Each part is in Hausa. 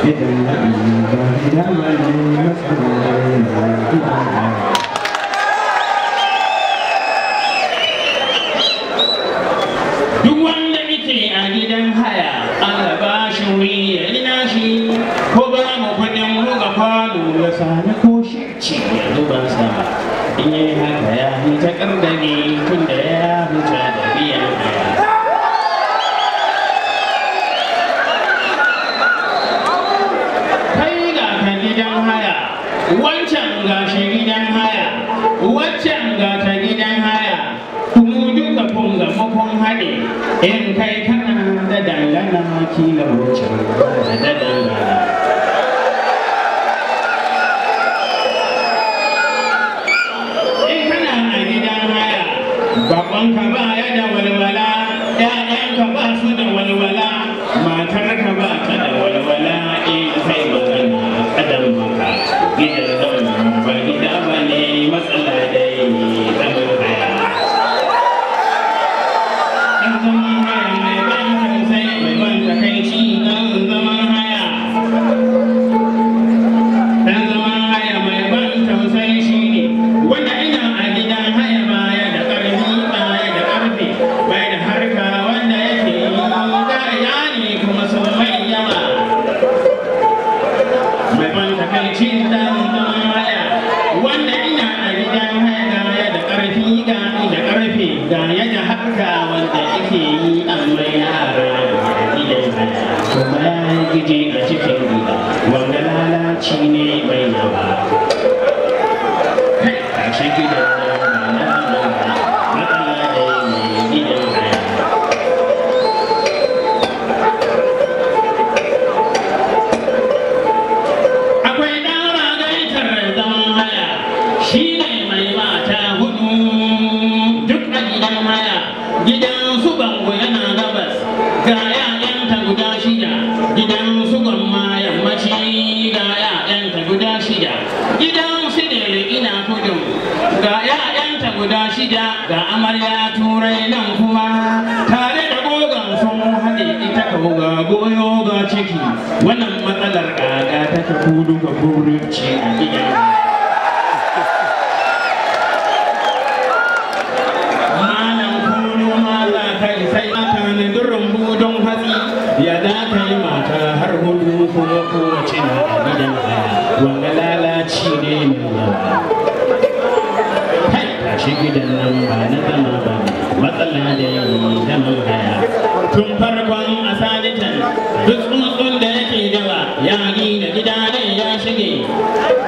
idan na ba idan wani matsalolin na gidana duk wanda ike a gidan haya ana ba shi wuri ya yi nashi ko ba mu kudin ruga kwano ya sami ko shirci ya zuba sama in yi haka ya hita kardage tun da ya huta wancan ga shi gidan haya wancan ga ta gidan haya kuma duka kun ga makon haɗe in kai kana da dangana da wancan da dangana in kana a gidan haya babanka ba ya da walwala matsakaicin ɗan haya wanda ina a gida haya gaya da ƙarfi ga da ƙarfe gaya da haka wanda ake yi a mai yara gidan kuma ya gije a cikin gida wanda lalaci ne mai yawa tabbatar gidan su bango yana gabas ga ‘ya'yanta guda shida gidan su gwamma yammaci ga ‘ya'yanta guda shida gidan su ne ina kudu ga ‘ya'yanta guda shida ga amarya turai nan kuma tare da gogon sun haɗe ita ka ga goyo ga ciki wannan matsalar ƙaga ta ka kudu burin ce a gidan ga kowace na a gidan haya wanga lalaci ne mai yawa kai tashi gidan nan ba na zama ba matsala da yawan zaman haya tun farkon asalitan duk tsuntsun da yake dawa ya gina gida ya shige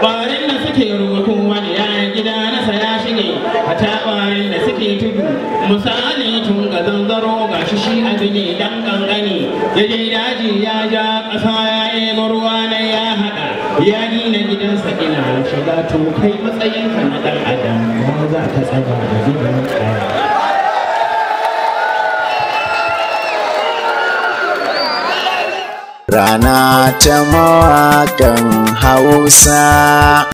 ƙwarin da suke rubutu wani ya gida nasa ya shige a ta ƙwarin da suke tudu misali suke dan kankani ya je daji ya ja ƙasa ya ɗebo ruwa na ya haɗa ya gina gidansa ina shiga to kai matsayinka na ɗan adam ba za ka tsaba da gidan ƙaya Rana ta mawaƙan Hausa